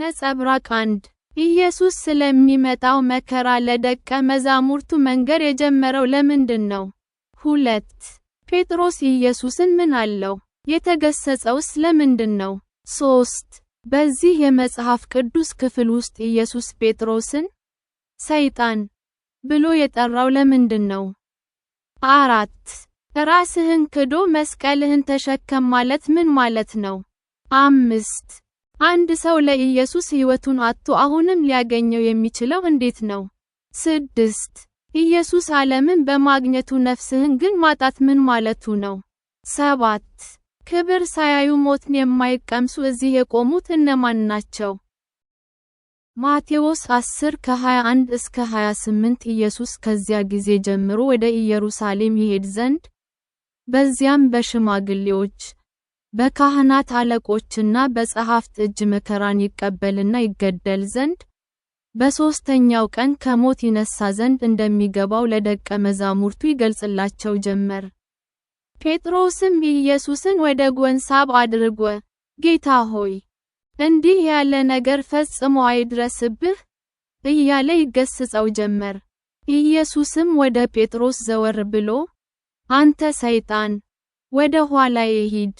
ነጸብራቅ አንድ ኢየሱስ ስለሚመጣው መከራ ለደቀ መዛሙርቱ መንገር የጀመረው ለምንድን ነው? ሁለት ጴጥሮስ ኢየሱስን ምን አለው? የተገሰጸውስ ለምንድን ነው? ሶስት በዚህ የመጽሐፍ ቅዱስ ክፍል ውስጥ ኢየሱስ ጴጥሮስን ሰይጣን ብሎ የጠራው ለምንድን ነው? አራት ራስህን ክዶ መስቀልህን ተሸከም ማለት ምን ማለት ነው? አምስት አንድ ሰው ለኢየሱስ ሕይወቱን አጥቶ አሁንም ሊያገኘው የሚችለው እንዴት ነው? ስድስት ኢየሱስ ዓለምን በማግኘቱ ነፍስህን ግን ማጣት ምን ማለቱ ነው? ሰባት ክብር ሳያዩ ሞትን የማይቀምሱ እዚህ የቆሙት እነማን ናቸው? ማቴዎስ 10 ከ21 እስከ 28 ኢየሱስ ከዚያ ጊዜ ጀምሮ ወደ ኢየሩሳሌም ይሄድ ዘንድ በዚያም በሽማግሌዎች በካህናት አለቆችና በጸሐፍት እጅ መከራን ይቀበልና ይገደል ዘንድ በሦስተኛው ቀን ከሞት ይነሳ ዘንድ እንደሚገባው ለደቀ መዛሙርቱ ይገልጽላቸው ጀመር። ጴጥሮስም ኢየሱስን ወደ ጎን ሳብ አድርጎ፣ ጌታ ሆይ፣ እንዲህ ያለ ነገር ፈጽሞ አይድረስብህ እያለ ይገሥጸው ጀመር። ኢየሱስም ወደ ጴጥሮስ ዘወር ብሎ፣ አንተ ሰይጣን፣ ወደ ኋላዬ ሂድ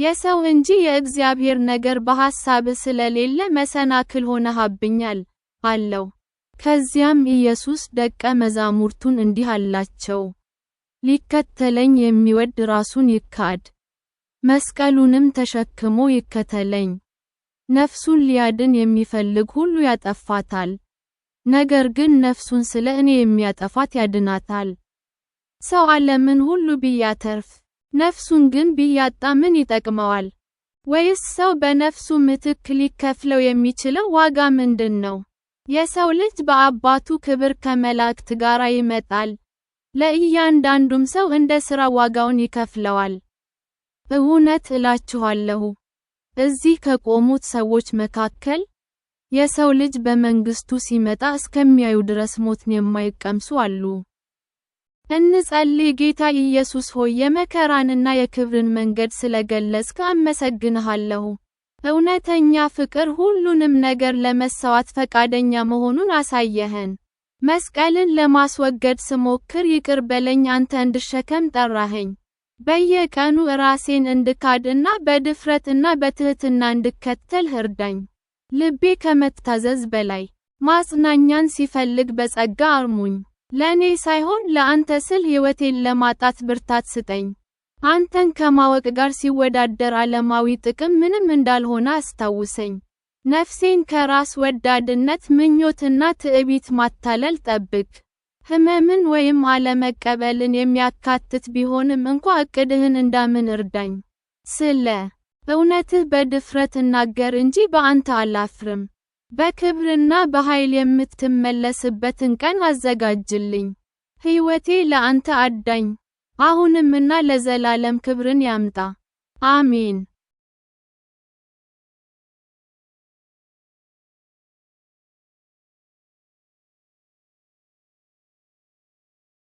የሰው እንጂ የእግዚአብሔር ነገር በሐሳብህ ስለሌለ መሰናክል ሆነሃብኛል አለው። ከዚያም ኢየሱስ ደቀ መዛሙርቱን እንዲህ አላቸው፣ ሊከተለኝ የሚወድ ራሱን ይካድ፣ መስቀሉንም ተሸክሞ ይከተለኝ። ነፍሱን ሊያድን የሚፈልግ ሁሉ ያጠፋታል፣ ነገር ግን ነፍሱን ስለ እኔ የሚያጠፋት ያድናታል። ሰው ዓለምን ሁሉ ቢያተርፍ ነፍሱን ግን ቢያጣ ምን ይጠቅመዋል? ወይስ ሰው በነፍሱ ምትክ ሊከፍለው የሚችለው ዋጋ ምንድን ነው? የሰው ልጅ በአባቱ ክብር ከመላእክት ጋር ይመጣል። ለእያንዳንዱም ሰው እንደ ሥራ ዋጋውን ይከፍለዋል። በእውነት እላችኋለሁ፣ እዚህ ከቆሙት ሰዎች መካከል የሰው ልጅ በመንግሥቱ ሲመጣ እስከሚያዩ ድረስ ሞትን የማይቀምሱ አሉ። እንጸልይ። ጌታ ኢየሱስ ሆይ የመከራንና የክብርን መንገድ ስለገለጽክ አመሰግንሃለሁ። እውነተኛ ፍቅር ሁሉንም ነገር ለመሰዋት ፈቃደኛ መሆኑን አሳየኸን። መስቀልን ለማስወገድ ስሞክር ይቅር በለኝ አንተ እንድሸከም ጠራኸኝ። በየቀኑ ራሴን እንድካድና በድፍረትና በትህትና እንድከተል እርዳኝ። ልቤ ከመታዘዝ በላይ ማጽናኛን ሲፈልግ በጸጋ አርሙኝ። ለእኔ ሳይሆን ለአንተ ስል ሕይወቴን ለማጣት ብርታት ስጠኝ። አንተን ከማወቅ ጋር ሲወዳደር ዓለማዊ ጥቅም ምንም እንዳልሆነ አስታውሰኝ። ነፍሴን ከራስ ወዳድነት ምኞትና ትዕቢት ማታለል ጠብቅ። ሕመምን ወይም አለመቀበልን የሚያካትት ቢሆንም እንኳ እቅድህን እንዳምን እርዳኝ። ስለ እውነትህ በድፍረት እናገር እንጂ በአንተ አላፍርም። በክብርና በኃይል የምትመለስበትን ቀን አዘጋጅልኝ። ሕይወቴ ለአንተ አዳኝ፣ አሁንምና ለዘላለም ክብርን ያምጣ። አሜን።